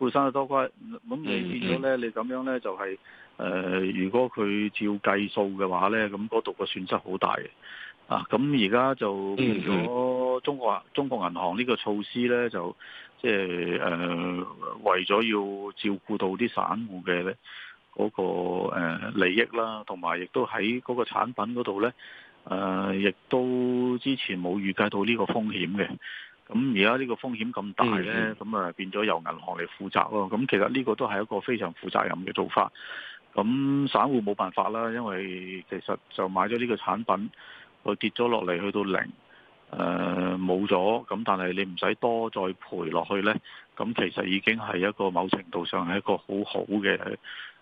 負生得多乖，咁你變咗咧，mm hmm. 你咁樣咧就係、是、誒、呃，如果佢照計數嘅話咧，咁嗰度個損失好大嘅。啊，咁而家就變咗中國中國銀行呢個措施咧，就即係誒為咗要照顧到啲散戶嘅嗰個誒、呃、利益啦，同埋亦都喺嗰個產品嗰度咧，誒、呃、亦都之前冇預計到呢個風險嘅。咁而家呢個風險咁大呢，咁啊變咗由銀行嚟負責咯。咁其實呢個都係一個非常負責任嘅做法。咁散戶冇辦法啦，因為其實就買咗呢個產品，佢跌咗落嚟去到零，誒冇咗。咁但係你唔使多再賠落去呢，咁其實已經係一個某程度上係一個很好好嘅。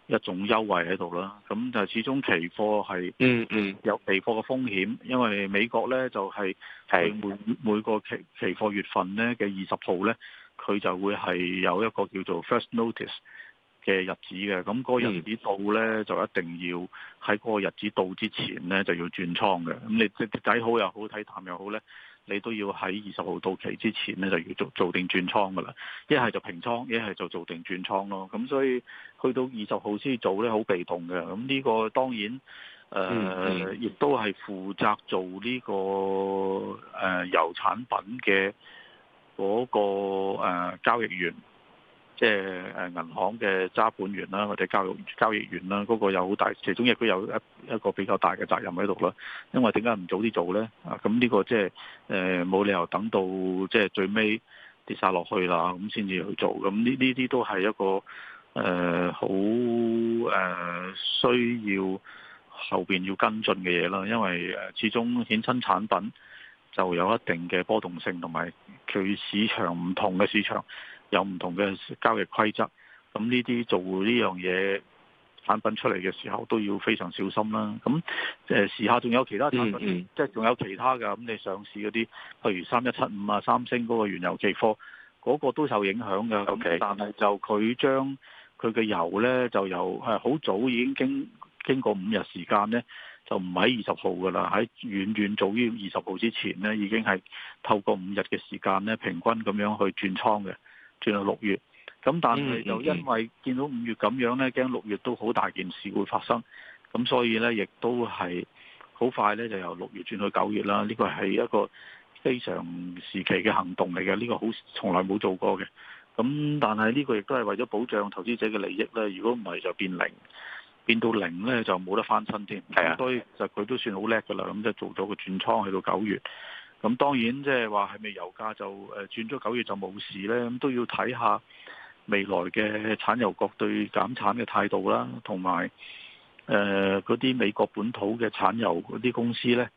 一種優惠喺度啦，咁就始終期貨係，嗯嗯，有期貨嘅風險，mm hmm。因為美國咧就係、係、係每每個期期貨月份咧嘅二十號咧，佢就會係有一個叫做 first notice 嘅日子嘅，咁、嗰、嗰、個、日子到咧、mm hmm. 就一定要喺嗰個日子到之前咧就要轉倉嘅，咁你睇好又好，睇淡又好咧。你都要喺二十號到期之前咧，就要做做，做定轉倉㗎喇，一係就平倉，一係就做定轉倉咯。咁所以去到二十號先做咧，好被動嘅。咁呢個當然誒，亦、呃、都係負責做呢、呢個誒、呃、油產品嘅嗰、嗰個、呃、交易員。即係誒，銀行嘅揸盤員啦，或者交易交易員啦，嗰個有好大，其中亦都有一一個比較大嘅責任喺度啦。因為點解唔早啲做呢？啊，咁呢個即係誒，冇理由等到即係最尾跌晒落去啦，咁先至去做。咁呢呢啲都係一個誒好誒需要後邊要跟進嘅嘢啦。因為誒始終衍生產品就有一定嘅波動性，同埋佢市場唔同嘅市場。有唔同嘅交易規則，咁呢啲做呢樣嘢產品出嚟嘅時候都要非常小心啦、啊。咁誒時下仲有其他產品，mm hmm. 即係仲有其他嘅。咁你上市嗰啲，譬如三一七五啊、三星嗰個原油期貨，嗰個都受影響噶。咁，Okay. 但係就佢將佢嘅油呢，就由誒好早已經經經過五日時間呢，就唔喺二十號噶啦，喺遠遠早於二十號之前呢，已經係透過五日嘅時間呢，平均咁樣去轉倉嘅。轉到六月，咁但係就因為見到五月咁樣呢，驚六月都好大件事會發生，咁所以呢，亦都係好快呢就由六月轉到九月啦。呢個係一個非常時期嘅行動嚟嘅，呢個好從來冇做過嘅。咁但係呢個亦都係為咗保障投資者嘅利益呢，如果唔係就變零，變到零呢，就冇得翻身添。係啊，所以就佢都算好叻㗎啦。咁就做咗個轉倉去到九月。咁當然即係話係咪油價就誒轉咗九月就冇事呢？咁都要睇下未來嘅產油國對減產嘅態度啦，同埋誒嗰啲美國本土嘅產油嗰啲公司呢，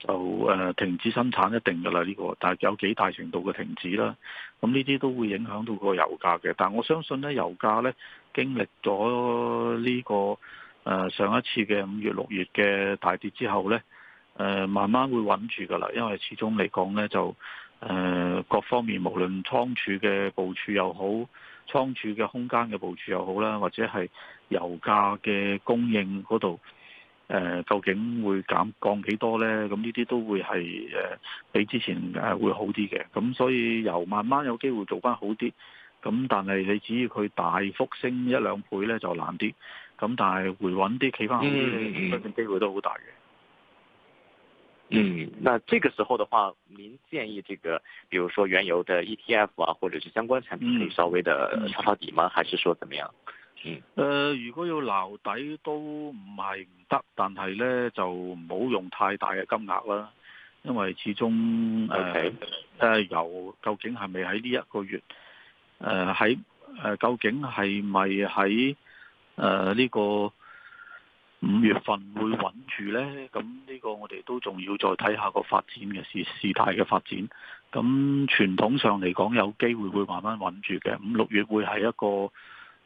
就誒停止生產一定㗎啦呢個，但係有幾大程度嘅停止啦。咁呢啲都會影響到個油價嘅。但係我相信呢，油價呢經歷咗呢個誒，呃，上一次嘅五月六月嘅大跌之後呢。誒，慢慢會穩住噶啦，因為始終嚟講咧，就誒、呃，各方面無論倉儲嘅部署又好，倉儲嘅空間嘅部署又好啦，或者係油價嘅供應嗰度，誒、呃，究竟會減降幾多咧？咁呢啲都會係誒、呃，比之前誒會好啲嘅。咁所以油慢慢有機會做翻好啲，咁但係你只要佢大幅升一兩倍咧就難啲，咁但係回穩啲企翻好啲，相信機會都好大嘅。嗯，那這個時候的話，您建議這個，比如說原油的 ETF 啊，或者是相關產品，可以稍微的抄抄底嗎？還是說怎麼樣？嗯，誒、呃，如果要撈底都唔係唔得，但係咧就唔好用太大嘅金額啦，因為始終誒誒油究竟係咪喺呢一個月？誒喺誒究竟係咪喺誒呢個？五月份會穩住呢，咁呢個我哋都仲要再睇下個發展嘅事事態嘅發展。咁傳統上嚟講有機會會慢慢穩住嘅，五六月會係一個誒、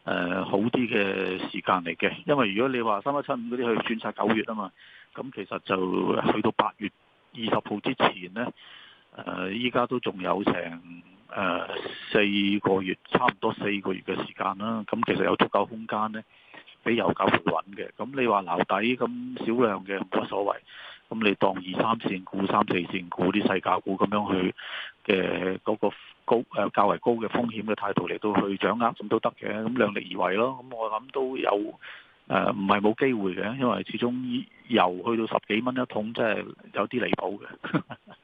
呃、好啲嘅時間嚟嘅。因為如果你話三一七五嗰啲去轉晒九月啊嘛，咁其實就去到八月二十號之前呢、呃，誒依家都仲有成誒四個月，差唔多四個月嘅時間啦。咁其實有足夠空間呢。俾油價回穩嘅，咁你話留底咁少量嘅冇乜所謂，咁你當二三線股、三四線股、啲細價股咁樣去嘅嗰、嗰個高誒、呃、較為高嘅風險嘅態度嚟到去掌握咁都得嘅，咁量力而為咯。咁我諗都有誒，唔係冇機會嘅，因為始終油去到十幾蚊一桶真係有啲離譜嘅。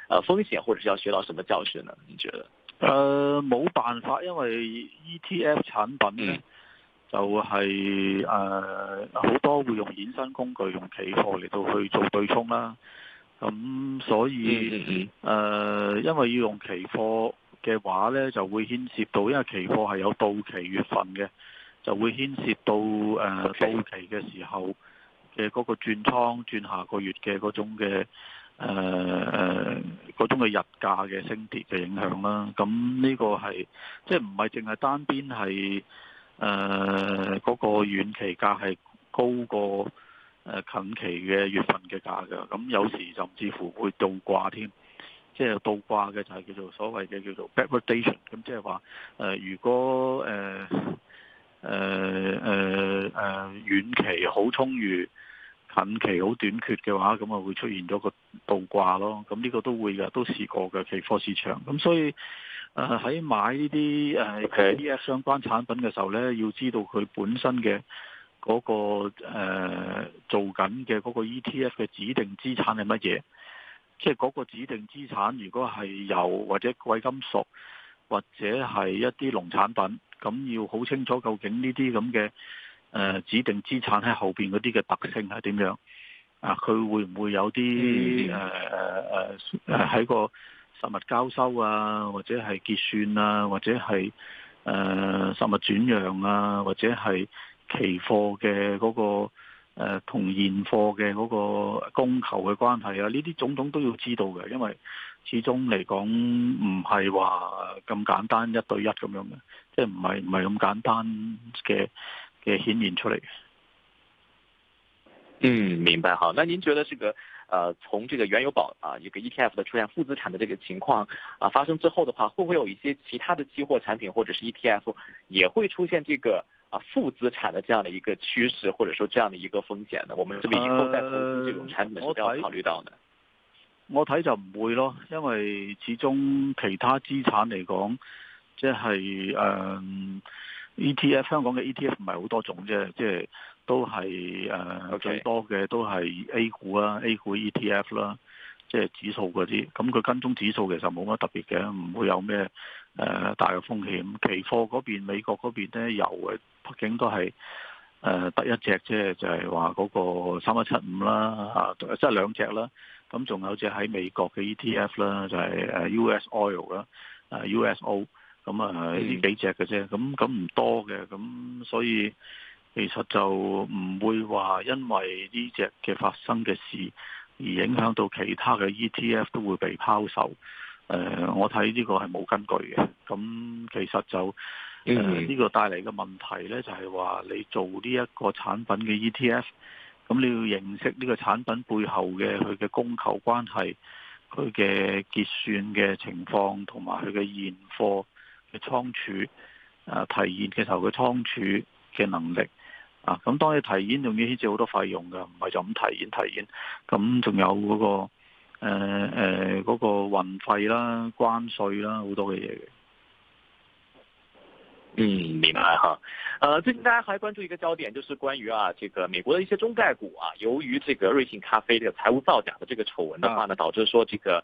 啊，風險或者要學到什麼教訓呢？你覺得？誒冇、呃、辦法，因為 ETF 產品咧，嗯、就係誒好多會用衍生工具、用期貨嚟到去做對沖啦。咁、嗯、所以誒、嗯嗯呃，因為要用期貨嘅話咧，就會牽涉到，因為期貨係有到期月份嘅，就會牽涉到誒、呃、到期嘅時候嘅嗰個轉倉轉下個月嘅嗰種嘅。誒誒嗰種嘅日價嘅升跌嘅影響啦，咁呢、嗯、個係即係唔係淨係單邊係誒嗰個遠期價係高過近期嘅月份嘅價嘅，咁有時甚至乎會倒掛添，即係倒掛嘅就係叫做所謂嘅叫做 backwardation，咁即係話誒、呃、如果誒誒誒誒遠期好充裕。近期好短缺嘅話，咁啊會出現咗個倒掛咯。咁呢個都會嘅，都試過嘅期貨市場。咁所以喺買呢啲 E T F 相關產品嘅時候呢，要知道佢本身嘅嗰、嗰個、呃、做緊嘅嗰個 E T F 嘅指定資產係乜嘢。即係嗰個指定資產，如果係油或者貴金屬或者係一啲農產品，咁要好清楚究竟呢啲咁嘅。誒、呃、指定資產喺後邊嗰啲嘅特性係點樣？啊，佢會唔會有啲誒誒誒喺個實物交收啊，或者係結算啊，或者係誒、呃、實物轉讓啊，或者係期貨嘅嗰、個誒同、呃、現貨嘅嗰個供求嘅關係啊？呢啲種種都要知道嘅，因為始終嚟講唔係話咁簡單一對一咁樣嘅，即係唔係唔係咁簡單嘅。.給牽引出來，嗯，明白，好。那您覺得這個，呃，從這個原油寶啊一個 ETF 的出現負資產的這個情況啊發生之後的話，會不會有一些其他的期貨產品或者是 ETF 也會出現這個啊負資產的這樣的一個趨勢，或者說這樣的一個風險呢？我們這邊以後在投資這種產品時、呃、要考慮到呢？我睇就唔會咯，因為始終其他資產嚟講，即係嗯 E.T.F 香港嘅 E.T.F 唔係好多種啫，即係都係誒最多嘅都係 A 股啦 Okay.，A 股 E.T.F 啦，即係指數嗰啲。咁佢跟蹤指數其實冇乜特別嘅，唔會有咩誒大嘅風險。期貨嗰邊美國嗰邊咧，油誒畢竟都係誒得一隻啫，就係話嗰個三一七五啦，啊即係兩隻啦。咁仲有隻喺美國嘅 E.T.F 啦，就係誒 U.S.Oil 啦，誒 U.S.O。咁啊，呢、嗯、幾隻嘅啫，咁咁唔多嘅，咁所以其實就唔會話因為呢隻嘅發生嘅事而影響到其他嘅 ETF 都會被拋售。誒、呃，我睇呢個係冇根據嘅。咁其實就呢、呃呢個帶嚟嘅問題呢，就係話你做呢一個產品嘅 ETF，咁你要認識呢個產品背後嘅佢嘅供求關係、佢嘅結算嘅情況同埋佢嘅現貨。嘅倉儲提現嘅時候嘅倉儲嘅能力啊，咁當你提現，仲要牽涉好多費用噶，唔係就咁提現提現，咁、嗯、仲有嗰、嗰個誒誒、呃嗰個運費啦、關稅啦，好多嘅嘢。嗯，明白哈。誒、呃，最近大家還關注一個焦點，就是關於啊，這個美國的一些中概股啊，由於這個瑞幸咖啡嘅財務造假嘅這個醜聞的話呢，導致說這個。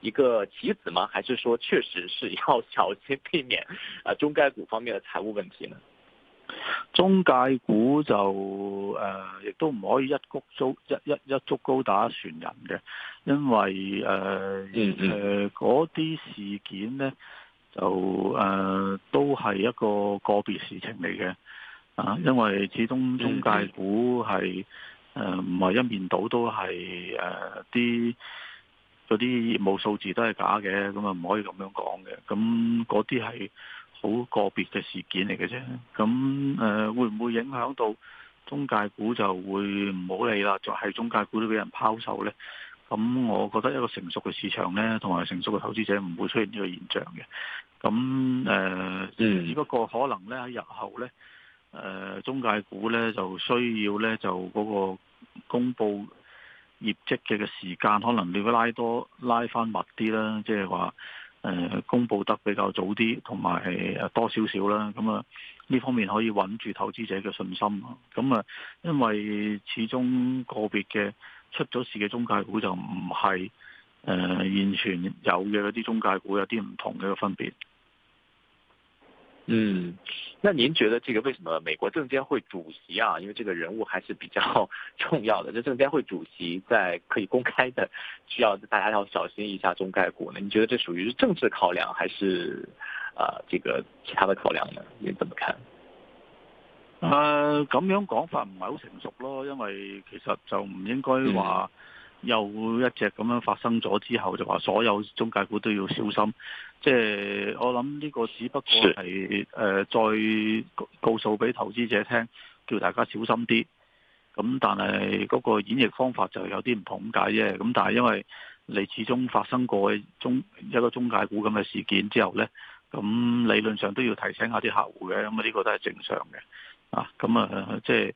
一個棋子嗎？還是說確實是要小心避免啊中概股方面的財務問題呢？中概股就誒，亦、呃、都唔可以一谷足一一一足高打船人嘅，因為誒誒嗰啲事件呢，就誒、呃、都係一個個別事情嚟嘅啊，因為始終中概股係誒唔係一面倒都係誒啲。呃些嗰啲業務數字都係假嘅，咁啊唔可以咁樣講嘅。咁嗰啲係好個別嘅事件嚟嘅啫。咁誒、呃、會唔會影響到中介股就會唔好理啦？就係、是、中介股都俾人拋售呢。咁我覺得一個成熟嘅市場呢，同埋成熟嘅投資者唔會出現呢個現象嘅。咁誒，呃嗯、只不過可能呢，喺日後呢、呃，中介股呢就需要呢，就嗰個公佈。業績嘅嘅時間，可能你要拉多拉返密啲啦，即係話誒公佈得比較早啲，同埋誒多少少啦，咁啊呢方面可以穩住投資者嘅信心啊。咁啊，因為始終個別嘅出咗事嘅中概股就唔係誒完全有嘅嗰啲中概股有啲唔同嘅個分別。嗯，那您覺得這個為什麼美國證監會主席啊？因為這個人物還是比較重要的。這證監會主席在可以公開的，需要大家要小心一下中概股呢？您覺得這屬於是政治考量，還是啊、呃、這個其他的考量呢？您怎麼看？呃、啊，咁樣講法唔係好成熟咯，因為其實就唔應該話。嗯又一隻咁樣發生咗之後，就話所有中介股都要小心。即係我諗呢個只不過係、呃、再告訴俾投資者聽，叫大家小心啲。咁但係嗰個演繹方法就有啲唔同解啫。咁但係因為你始終發生過中一個中介股咁嘅事件之後呢，咁理論上都要提醒下啲客戶嘅。咁啊，呢個都係正常嘅。啊，咁啊，即係。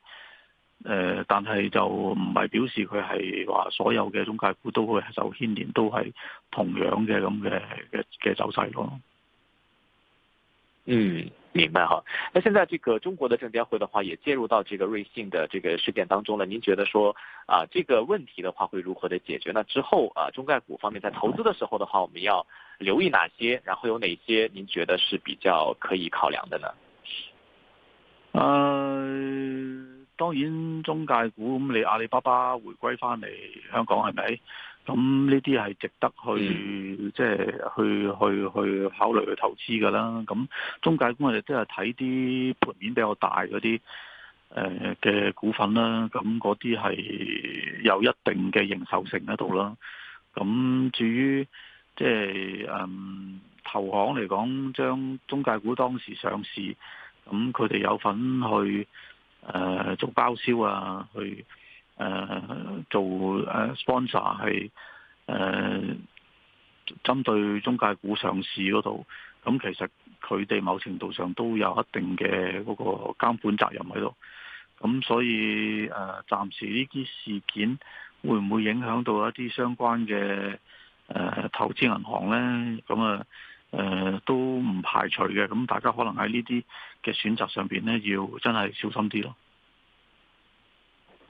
誒，但係就唔係表示佢係話所有嘅中概股都會受牽連，都係同樣嘅咁嘅嘅嘅走勢咯。嗯，明白哈。那現在這個中國的證監會的話，也介入到這個瑞信的這個事件當中了。您覺得說啊，這個問題的話會如何的解決？那之後啊，中概股方面在投資的時候的話，我們要留意哪些？然後有哪些？您覺得是比較可以考量的呢？嗯、啊。當然中概股咁，你阿里巴巴回歸翻嚟香港係咪？咁呢啲係值得去即係、就是、去去去考慮去投資㗎啦。咁中概股我哋即係睇啲盤面比較大嗰啲嘅股份啦。咁嗰啲係有一定嘅營收性喺度啦。咁至於即係誒投行嚟講，將中概股當時上市，咁佢哋有份去。誒，做包銷啊，去誒、呃、做誒 sponsor 係誒、針、呃、對中介股上市嗰度，咁其實佢哋某程度上都有一定嘅嗰個監管責任喺度，咁所以誒，暫、呃、時呢啲事件會唔會影響到一啲相關嘅誒、呃、投資銀行咧？咁啊。誒、呃、都唔排除嘅，咁大家可能喺呢啲嘅選擇上面呢，要真係小心啲咯。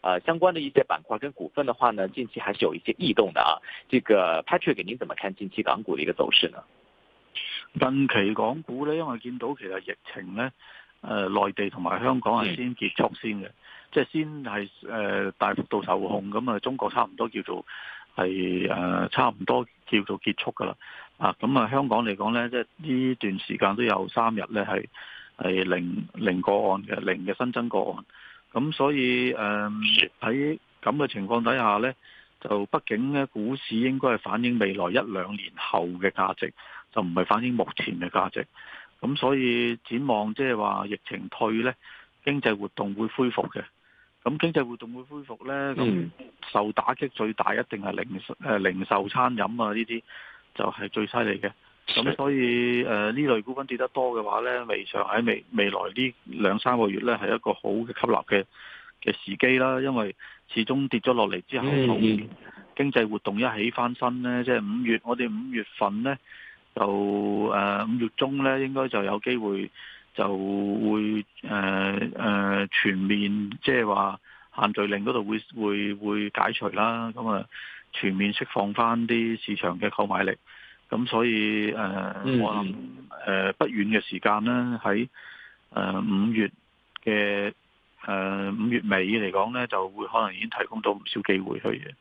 呃，相關的一些板塊跟股份的話呢，近期還是有一些異動的啊。這個 Patrick，你怎麼看近期港股的一個走勢呢？近期港股呢，因為見到其實疫情呢，呃，內地同埋香港係先結束先嘅，嗯、即係先係、呃、大幅度受控，咁啊、嗯，中國差唔多叫做係、呃、差唔多叫做結束噶啦。啊，咁、嗯、啊，香港嚟講呢，即係呢段時間都有三日呢係係零零個案嘅，零嘅新增個案。咁所以誒喺咁嘅情況底下咧，就畢竟咧，股市應該係反映未來一兩年後嘅價值，就唔係反映目前嘅價值。咁所以展望即係話疫情退咧，經濟活動會恢復嘅。咁經濟活動會恢復咧，咁受打擊最大一定係零誒零售、餐飲啊呢啲，就係最犀利嘅。咁所以誒呢、呃、類股份跌得多嘅話呢，呢未上喺未未來，呢兩三個月呢，係一個好嘅吸納嘅嘅時機啦。因為始終跌咗落嚟之後，經濟活動一起翻身呢，即係五月，我哋五月份呢，就誒五、呃、月中呢，應該就有機會就會誒誒、呃呃、全面即係話限聚令嗰度會會會解除啦。咁啊全面釋放翻啲市場嘅購買力。咁所以誒，我諗誒不遠嘅時間咧，喺誒五月嘅誒五月尾嚟講咧，就會可能已經提供到唔少機會去嘅。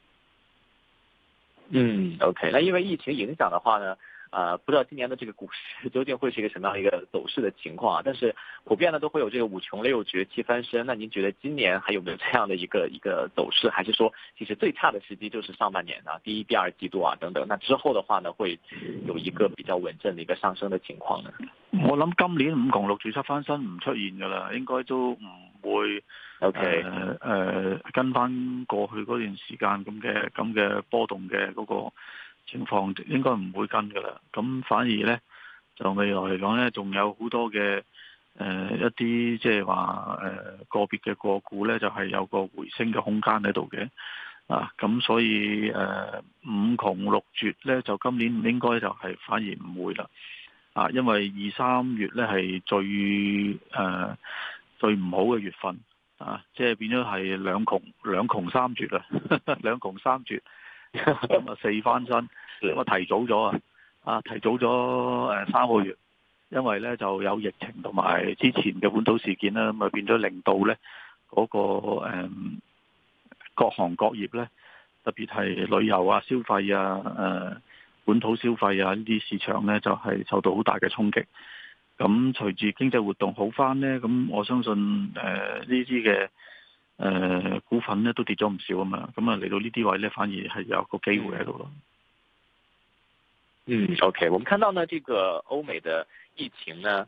嗯，OK 嗯。那因為疫情影響嘅話咧。呃，不知道今年的這個股市究竟會是一個什麼樣一個走勢的情況啊？但是普遍呢都會有這個五窮六絕七翻身。那您覺得今年還有沒有這樣的一個一個走勢？還是說其實最差的時機就是上半年啊，第一、第二季度啊等等。那之後的話呢，會有一個比較穩陣的一個上升的情況呢？我諗今年五窮六絕七翻身唔出現噶啦，應該都唔會。O K，呃，呃，跟翻過去嗰段時間咁嘅咁嘅波動嘅嗰個。情況應該唔會跟噶啦，咁反而呢，就未來嚟講呢，仲有好多嘅、呃、一啲即係話誒個別嘅個股呢，就係、是、有個回升嘅空間喺度嘅啊，咁所以誒、呃、五窮六絕呢，就今年應該就係、是、反而唔會啦啊，因為二三月呢，係最、呃、最唔好嘅月份啊，即、就、係、是、變咗係兩窮兩窮三絕啦，兩窮三絕。 今日 四翻身，我提早咗啊，啊提早咗誒三個月，因為呢就有疫情同埋之前嘅本土事件啦，咁啊變咗令到呢嗰個誒各行各業呢，特別係旅遊啊、消費啊、誒本土消費啊呢啲市場呢，就係受到好大嘅衝擊。咁隨住經濟活動好翻呢，咁我相信誒呢啲嘅。誒、呃，股份咧都跌咗唔少啊嘛，咁啊嚟到呢啲位咧，反而係有個機會喺度咯。嗯，OK，我們看到呢，這個歐美的疫情呢。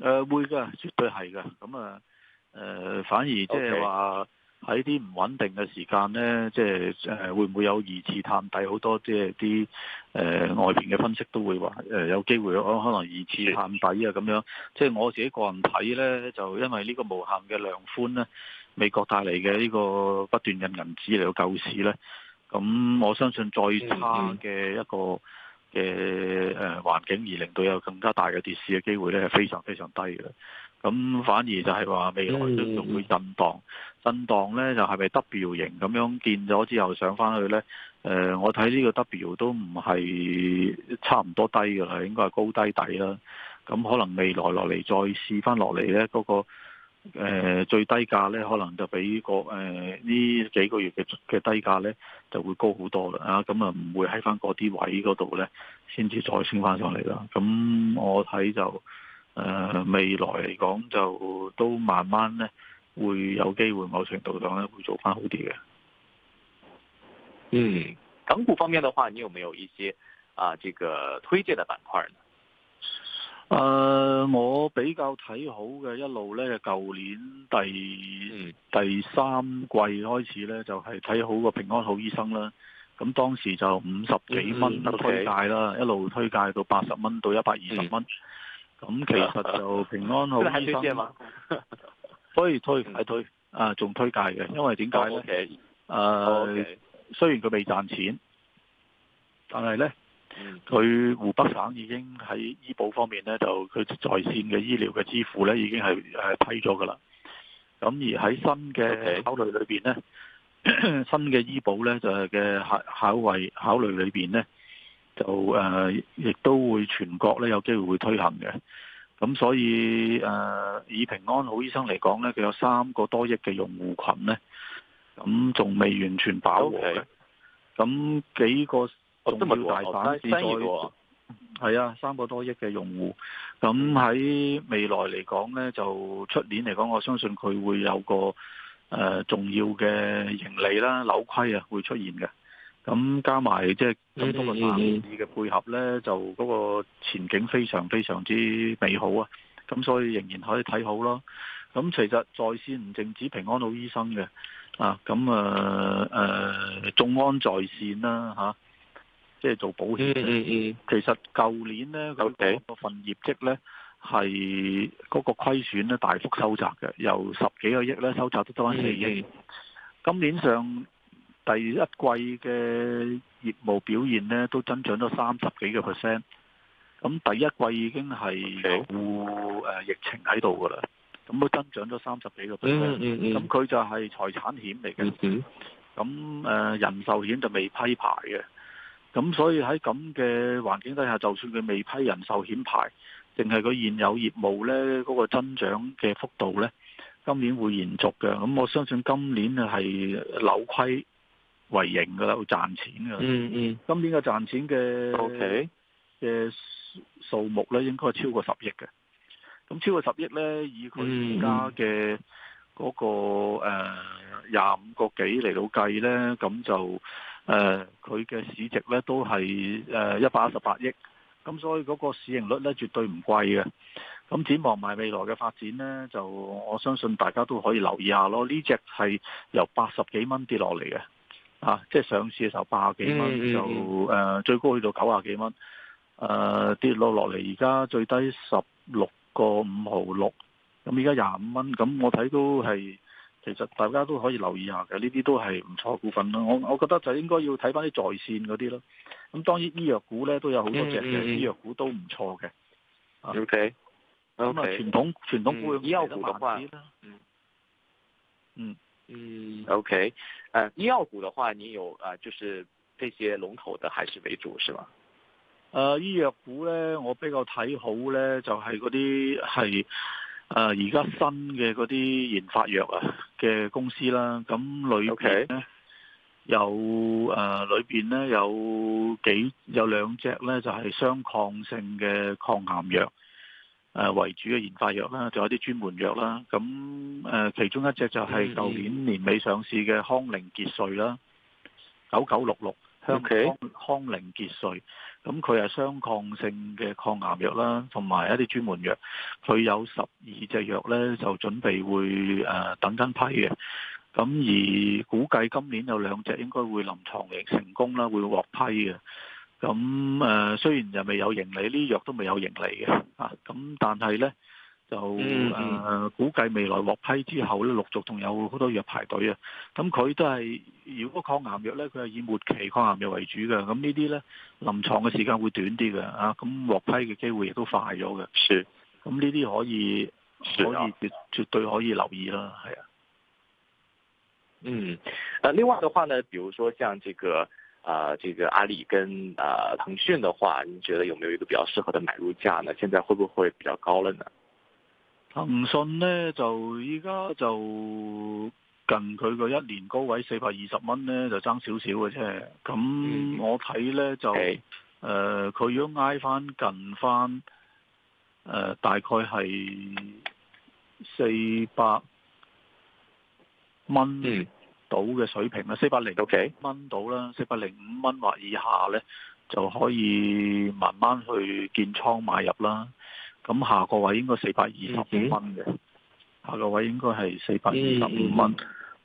誒、呃、會噶，絕對係噶。咁、呃、啊，誒反而即係話喺啲唔穩定嘅時間咧，即係誒會唔會有二次探底？好多即係啲誒外邊嘅分析都會話誒、呃、有機會可可能二次探底啊咁樣。即係我自己個人睇咧，就因為呢個無限嘅量寬咧，美國帶嚟嘅呢個不斷印銀紙嚟到救市咧。咁我相信再差嘅一個嘅誒環境而令到有更加大嘅跌市嘅機會咧，係非常非常低嘅。咁反而就係話未來都仲會震盪，震盪咧就係、是、咪 W 型咁樣見咗之後上翻去咧？誒、呃，我睇呢個 W 都唔係差唔多低嘅啦，應該係高低底啦。咁可能未來落嚟再試翻落嚟咧，嗰、那個。誒最低價咧，可能就比個誒呢幾個月嘅嘅低價咧，就會高好多啦啊！咁啊唔會喺翻嗰啲位嗰度咧，先至再升翻上嚟啦。咁我睇就誒未來嚟講就都慢慢咧會有機會某程度上咧會做翻好啲嘅。嗯，港股方面嘅話，你有沒有一些啊這個推薦的板塊呢？誒、呃，我比較睇好嘅一路咧，舊年第第三季開始咧，就係、是、睇好個平安好醫生啦。咁當時就五十幾蚊推介啦，嗯 okay. 一路推介到八十蚊到一百二十蚊。咁、嗯嗯、其實就平安好醫生，所 以推，係推啊，仲推介嘅，因為點解咧？誒 Okay. Okay.、呃，雖然佢未賺錢，但係咧。佢湖北省已經喺醫保方面咧，就佢在線嘅醫療嘅支付咧，已經係誒批咗噶啦。咁而喺新嘅考慮裏邊咧，Okay. 新嘅醫保咧就係嘅考考維考慮裏邊咧，就誒、呃、亦都會全國咧有機會會推行嘅。咁所以誒、呃、以平安好醫生嚟講咧，佢有三個多億嘅用戶群咧，咁仲未完全飽和嘅。咁 Okay. 幾個。重要大板市在，係啊，三個多億嘅用戶，咁喺未來嚟講呢，就出年嚟講，我相信佢會有個誒、呃、重要嘅盈利啦、扭虧啊，會出現嘅。咁加埋即係中多個板市嘅配合呢，就嗰個前景非常非常之美好啊！咁所以仍然可以睇好咯。咁其實在線唔淨止平安好醫生嘅，啊，咁啊誒，眾、啊啊、安在線啦、啊，嚇、啊。即係做保險嘅，其實舊年咧佢第一部分業績咧係嗰個虧損咧大幅收窄嘅，由十幾個億咧收窄到得返四億。今年上第一季嘅業務表現咧都增長咗三十幾個 percent。咁第一季已經係有誒疫情喺度噶啦，咁都增長咗三十幾個 percent。咁佢就係財產險嚟嘅，咁誒人壽險就未批牌嘅。咁所以喺咁嘅環境底下，就算佢未批人壽險牌，淨係佢現有業務咧嗰、嗰個增長嘅幅度咧，今年會延續嘅。咁我相信今年係扭虧為盈噶啦，會賺錢噶。嗯嗯、mm，hmm。今年嘅賺錢嘅 OK 嘅數目咧，應該係超過十億嘅。咁超過十億咧，以佢而家嘅嗰個廿五、mm hmm。呃、個幾嚟到計咧，咁就。誒佢嘅市值咧都係誒一百一十八億，咁所以嗰個市盈率咧絕對唔貴嘅。咁展望埋未來嘅發展咧，就我相信大家都可以留意一下咯。呢隻係由八十幾蚊跌落嚟嘅，啊，即係上市嘅時候八十幾蚊就誒、呃、最高去到九啊幾蚊，誒、呃、跌落落嚟而家最低十六個五毫六，咁而家廿五蚊，咁我睇都係。其實大家都可以留意一下嘅，呢啲都係唔錯嘅股份啦。我我覺得就應該要睇翻啲在線嗰啲咯。咁當然醫藥股咧都有好多隻嘅，嗯嗯，醫藥股都唔錯嘅。O K，咁啊傳統傳統股嘅醫藥股嘅話，嗯嗯，O K，誒，醫藥股嘅話，你有誒，就是這些龍頭的還是為主，是吧？誒、呃，醫藥股咧，我比較睇好咧，就係嗰啲係。誒，而家新嘅嗰啲研發藥啊嘅公司啦，咁裏面咧有誒裏邊咧有幾有兩隻咧就係雙抗性嘅抗癌藥誒為主嘅研發藥啦，仲有啲專門藥啦。咁誒其中一隻就係舊年年尾上市嘅康寧杰瑞啦，九九六六康康寧杰瑞。Okay. 咁佢係雙抗性嘅抗癌藥啦，同埋一啲專門藥，佢有十二隻藥呢，就準備會誒、呃、等緊批嘅。咁而估計今年有兩隻應該會臨床成成功啦，會獲批嘅。咁誒、呃、雖然就未有盈利，呢啲藥都未有盈利嘅咁、啊、但係呢。就誒、嗯呃，估計未來獲批之後咧，陸續仲有好多藥排隊啊。咁、嗯、佢都係，如果抗癌藥咧，佢係以末期抗癌藥為主嘅。咁、嗯、呢啲咧，臨床嘅時間會短啲嘅，啊，咁、嗯、獲批嘅機會亦都快咗嘅。咁呢啲可以，可以絕、啊、絕對可以留意啦，係啊。嗯、誒、呃，另外嘅話呢，比如說像這個啊、呃，這個阿里跟啊、呃、騰訊嘅話，你覺得有沒有一個比較適合嘅買入價呢？現在會不會比較高了呢？騰訊咧就依家就近佢個一年高位四百二十蚊咧就爭少少嘅啫，咁我睇咧就誒，佢如果挨翻近翻誒、呃，大概係四百蚊到嘅水平啦，四百零幾蚊到啦，四百零五蚊或以下咧就可以慢慢去建倉買入啦。咁下個位應該四百二十五蚊嘅，下個位應該係四百二十五蚊。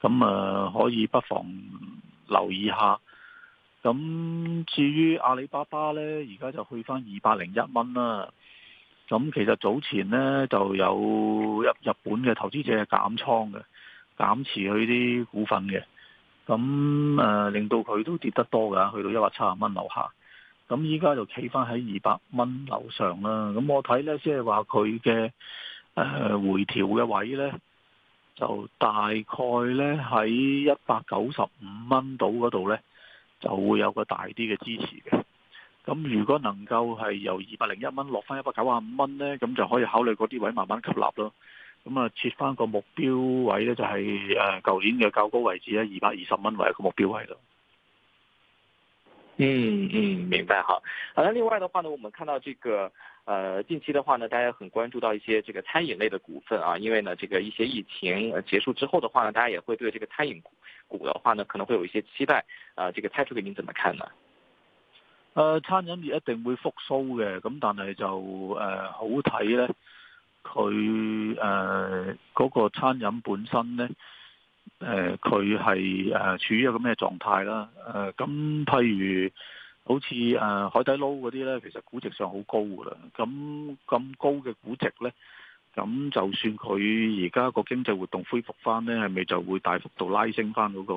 咁啊，可以不妨留意一下。咁至於阿里巴巴呢，而家就去翻二百零一蚊啦。咁其實早前呢，就有日日本嘅投資者係減倉嘅，減持佢啲股份嘅。咁啊、呃，令到佢都跌得多㗎，去到一百七十蚊樓下。咁依家就企翻喺二百蚊樓上啦，咁我睇呢，即係話佢嘅誒回調嘅位呢，就大概呢喺一百九十五蚊到嗰度呢，就會有個大啲嘅支持嘅。咁如果能夠係由二百零一蚊落翻一百九十五蚊呢，咁就可以考慮嗰啲位慢慢吸納咯。咁啊，設翻個目標位呢，就係誒舊年嘅較高位置呢，二百二十蚊為一個目標位咯。嗯嗯，明白哈。好，那另外的話呢，我們看到這個，呃，近期的話呢，大家很關注到一些這個餐飲類的股份啊，因為呢，這個一些疫情結束之後的話呢，大家也會對這個餐飲股股的話呢，可能會有一些期待啊，呃，這個潘處給您怎麼看呢？呃，餐飲業一定會復蘇嘅，咁但係就呃，好睇咧，佢誒嗰個餐飲本身咧。誒佢係誒處於一個咩狀態啦？誒、呃、咁，譬如好似誒、呃、海底撈嗰啲咧，其實估值上好高嘅啦。咁咁高嘅估值咧，咁就算佢而家個經濟活動恢復翻咧，係咪就會大幅度拉升翻嗰個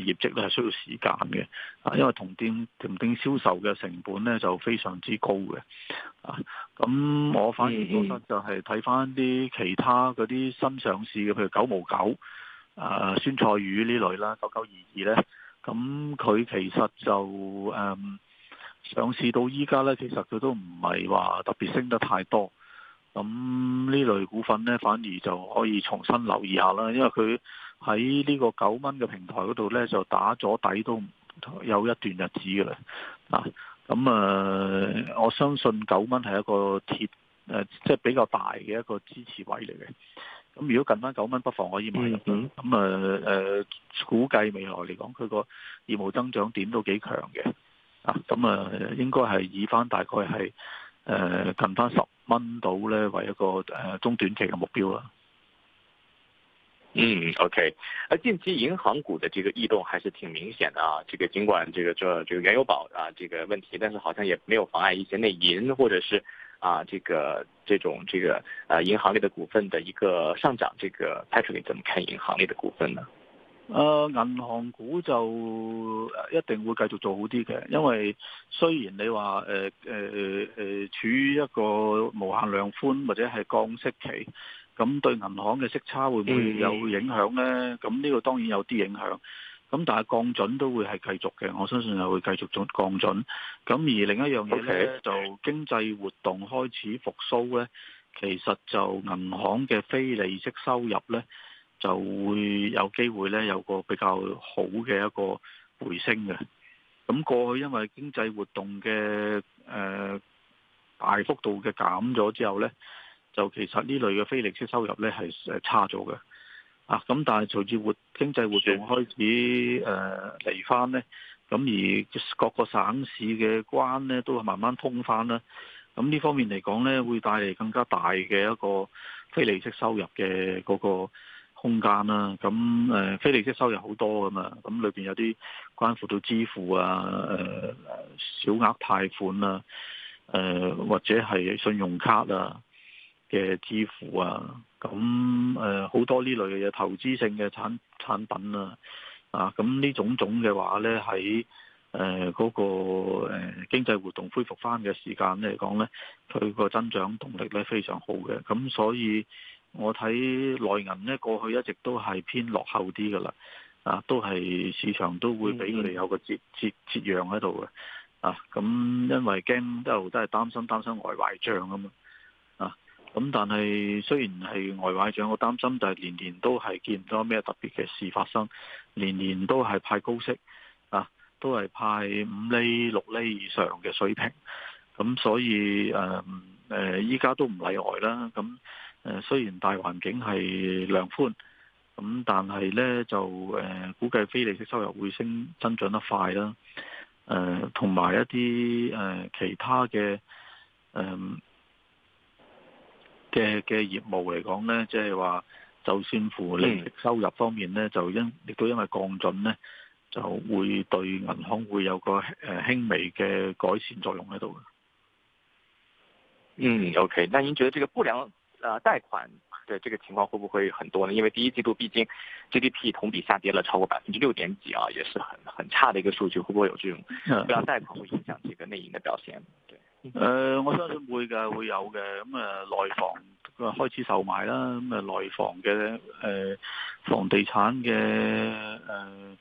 業績咧？係需要時間嘅、啊，因為同店同店銷售嘅成本咧就非常之高嘅。啊，咁我反而覺得就係睇翻啲其他嗰啲新上市嘅，譬如九毛九。啊，呃、酸菜魚呢類啦，九九二二呢，咁佢其實就誒、嗯、上市到依家呢，其實佢都唔係話特別升得太多，咁呢類股份呢，反而就可以重新留意下啦，因為佢喺呢個九蚊嘅平台嗰度呢，就打咗底都有一段日子嘅啦。嗱，咁、呃、誒，我相信九蚊係一個鐵、即係、呃就是、比較大嘅一個支持位嚟嘅。咁如果近翻九蚊，不妨可以買入啲。咁啊、嗯，誒、嗯，估計未來嚟講，佢個業務增長點都幾強嘅。啊，咁、嗯、啊，應該係以翻大概係誒近翻十蚊到咧，為一個誒中短期嘅目標啦。嗯，OK。而近期銀行股的這個異動還是挺明顯的啊。這個盡管這個這個、這個原油寶啊這個問題，但是好像也沒有妨礙一些內銀或者是。啊，這個這種這個，呃、啊，銀行裏的股份的一個上漲，這個 Patrick，你點睇銀行裏的股份呢？啊、銀行股就一定會繼續做好啲嘅，因為雖然你話，誒、呃、誒、呃呃呃、處於一個無限量寬或者係降息期，咁對銀行嘅息差會唔會有影響呢？咁呢、嗯、個當然有啲影響。咁但係降準都會係繼續嘅，我相信係會繼續降降準。咁而另一樣嘢咧，Okay. 就經濟活動開始復甦咧，其實就銀行嘅非利息收入咧，就會有機會咧，有個比較好嘅一個回升嘅。咁過去因為經濟活動嘅誒、呃、大幅度嘅減咗之後咧，就其實呢類嘅非利息收入咧係係差咗嘅。啊！咁但係隨住活經濟活動開始誒嚟翻咧，咁、呃、而各個省市嘅關咧都係慢慢通翻啦。咁、啊、呢方面嚟講咧，會帶嚟更加大嘅一個非利息收入嘅嗰個空間啦。咁、啊呃、非利息收入好多噶嘛。咁、啊、裏面有啲關乎到支付啊、誒、啊、小額貸款啊、誒、啊、或者係信用卡啊。嘅支付啊，咁誒好多呢類嘅嘢，投資性嘅產產品啊，啊咁呢種種嘅話呢，喺誒嗰個誒、呃、經濟活動恢復翻嘅時間嚟講呢，佢個增長動力呢非常好嘅，咁所以我睇內銀呢，過去一直都係偏落後啲噶啦，啊都係市場都會俾佢哋有個折折、嗯、讓喺度嘅，啊咁因為驚一路都係擔心擔心外壞賬啊嘛。咁但係雖然係外委長擔，我擔心就係年年都係見唔到咩特別嘅事發生，年年都係派高息啊，都係派五厘六厘以上嘅水平。咁所以誒誒，依、嗯、家、呃、都唔例外啦。咁誒、呃，雖然大環境係量寬，咁但係呢就誒、呃、估計非利息收入會升增長得快啦。誒、呃，同埋一啲誒、呃、其他嘅誒。呃嘅嘅業務嚟講咧，即係話，就，是、就算乎利息收入方面咧，嗯、就因亦都因為降準咧，就會對銀行會有個誒、呃、輕微嘅改善作用喺度。嗯，OK，那您覺得這個不良啊、呃、貸款，嘅這個情況會不會很多呢？因為第一季度畢竟 GDP 同比下跌了超過百分之六點幾啊，也是很很差嘅一個數據。會不會有這種不良貸款會影響這個內銀嘅表現？對誒、呃，我相信會嘅，會有嘅。咁啊，內、呃、房開始售賣啦。咁啊，內房嘅誒、呃，房地產嘅誒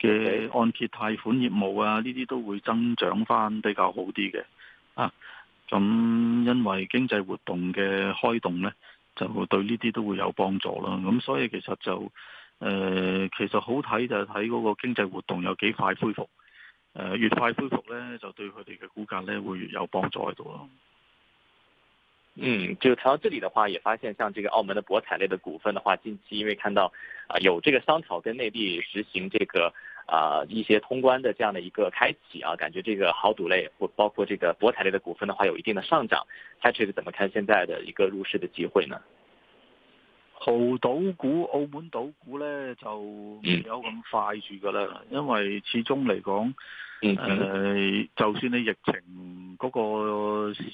嘅按揭貸款業務啊，呢啲都會增長翻，比較好啲嘅。啊，咁因為經濟活動嘅開動呢就會對呢啲都會有幫助啦。咁所以其實就誒、呃，其實好睇就睇嗰個經濟活動有幾快恢復。呃，越快恢復呢，就對佢哋嘅股價呢會越有幫助喺度咯。嗯，就談到這裡的話，也發現像這個澳門的博彩類的股份的話，近期因為看到啊、呃、有這個商場跟內地實行這個啊、呃、一些通關的這樣的一個開啟啊，感覺這個豪賭類或包括這個博彩類的股份的話，有一定的上漲。Patrick 怎麼看現在的一個入市的機會呢？濠賭股、澳門賭股呢就冇咁快住噶啦因為始終嚟講，誒、呃，就算你疫情嗰個事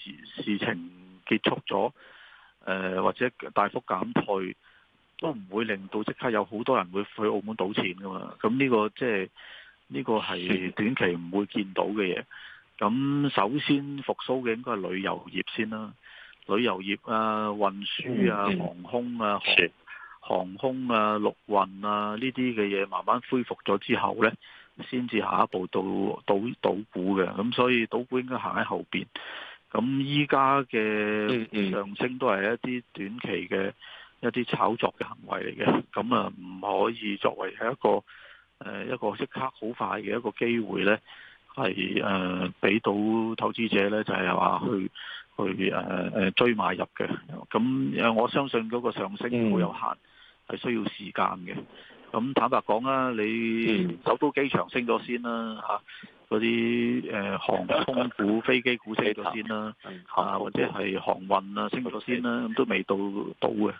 事情結束咗，誒、呃，或者大幅減退，都唔會令到即刻有好多人會去澳門賭錢噶嘛。咁呢個即係呢個係短期唔會見到嘅嘢。咁首先復蘇嘅應該係旅遊業先啦。旅遊業啊、運輸啊、航空啊、航空啊、陸運啊呢啲嘅嘢慢慢恢復咗之後呢，先至下一步到到賭股嘅，咁所以賭股應該行喺後邊。咁依家嘅上升都係一啲短期嘅一啲炒作嘅行為嚟嘅，咁啊唔可以作為係一個誒一個即刻好快嘅一個機會呢，係誒俾到投資者呢，就係話去。去誒誒、呃、追買入嘅，咁、呃、我相信嗰個上升會有限，係、嗯、需要時間嘅。咁坦白講啦、啊，你首都機場升咗先啦、啊，吓嗰啲誒航空股、常飛機股升咗先啦、啊，吓或者係航運啦、啊、升咗先啦、啊，都未到到嘅。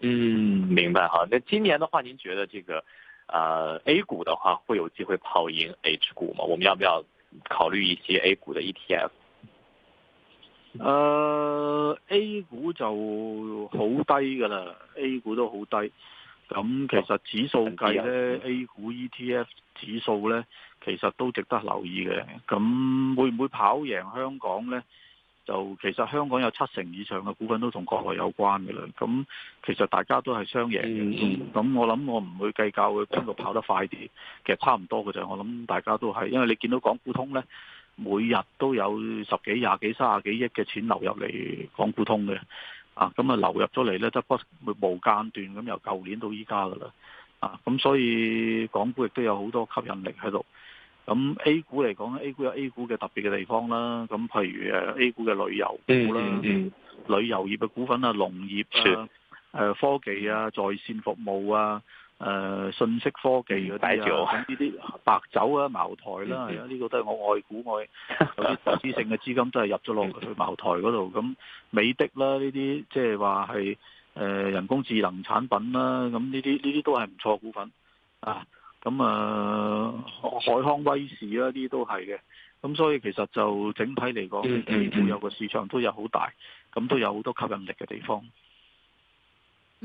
嗯，明白哈。那今年的話，您覺得這個啊、呃、A 股的話會有機會跑贏 H 股嘛？我們要不要考慮一些 A 股的 ETF？誒、uh,A 股就好低噶啦，A 股都好低。咁其實指數計呢、嗯、A 股 ETF 指數呢，其實都值得留意嘅。咁會唔會跑贏香港呢？就其實香港有七成以上嘅股份都同國內有關嘅啦。咁其實大家都係雙贏嘅。咁我諗我唔會計較佢邊度跑得快啲，其實差唔多噶咋。我諗大家都係，因為你見到港股通呢。每日都有十幾、廿幾、三十幾億嘅錢流入嚟港股通嘅，啊，咁、嗯、啊流入咗嚟咧，都不冇間斷咁由舊年到依家噶啦，啊，咁、嗯、所以港股亦都有好多吸引力喺度。咁、嗯、A 股嚟講，A 股有 A 股嘅特別嘅地方啦。咁譬如誒 A 股嘅旅遊股啦，嗯嗯、旅遊業嘅股份啊，農業誒、啊嗯啊、科技啊，在線服務啊。誒、呃，信息科技嘅帶住呢啲白酒啊，茅台啦，係啊，呢、 啊，這個都係我愛股，愛有啲投資性嘅資金都係入咗落去茅台嗰度。咁美的啦、啊，呢啲即係話係誒人工智能產品啦、啊。咁呢啲呢啲都係唔錯股份啊。咁啊，海康威視啦、啊，呢啲都係嘅。咁所以其實就整體嚟講，期貨有個市場都有好大，咁都有好多吸引力嘅地方。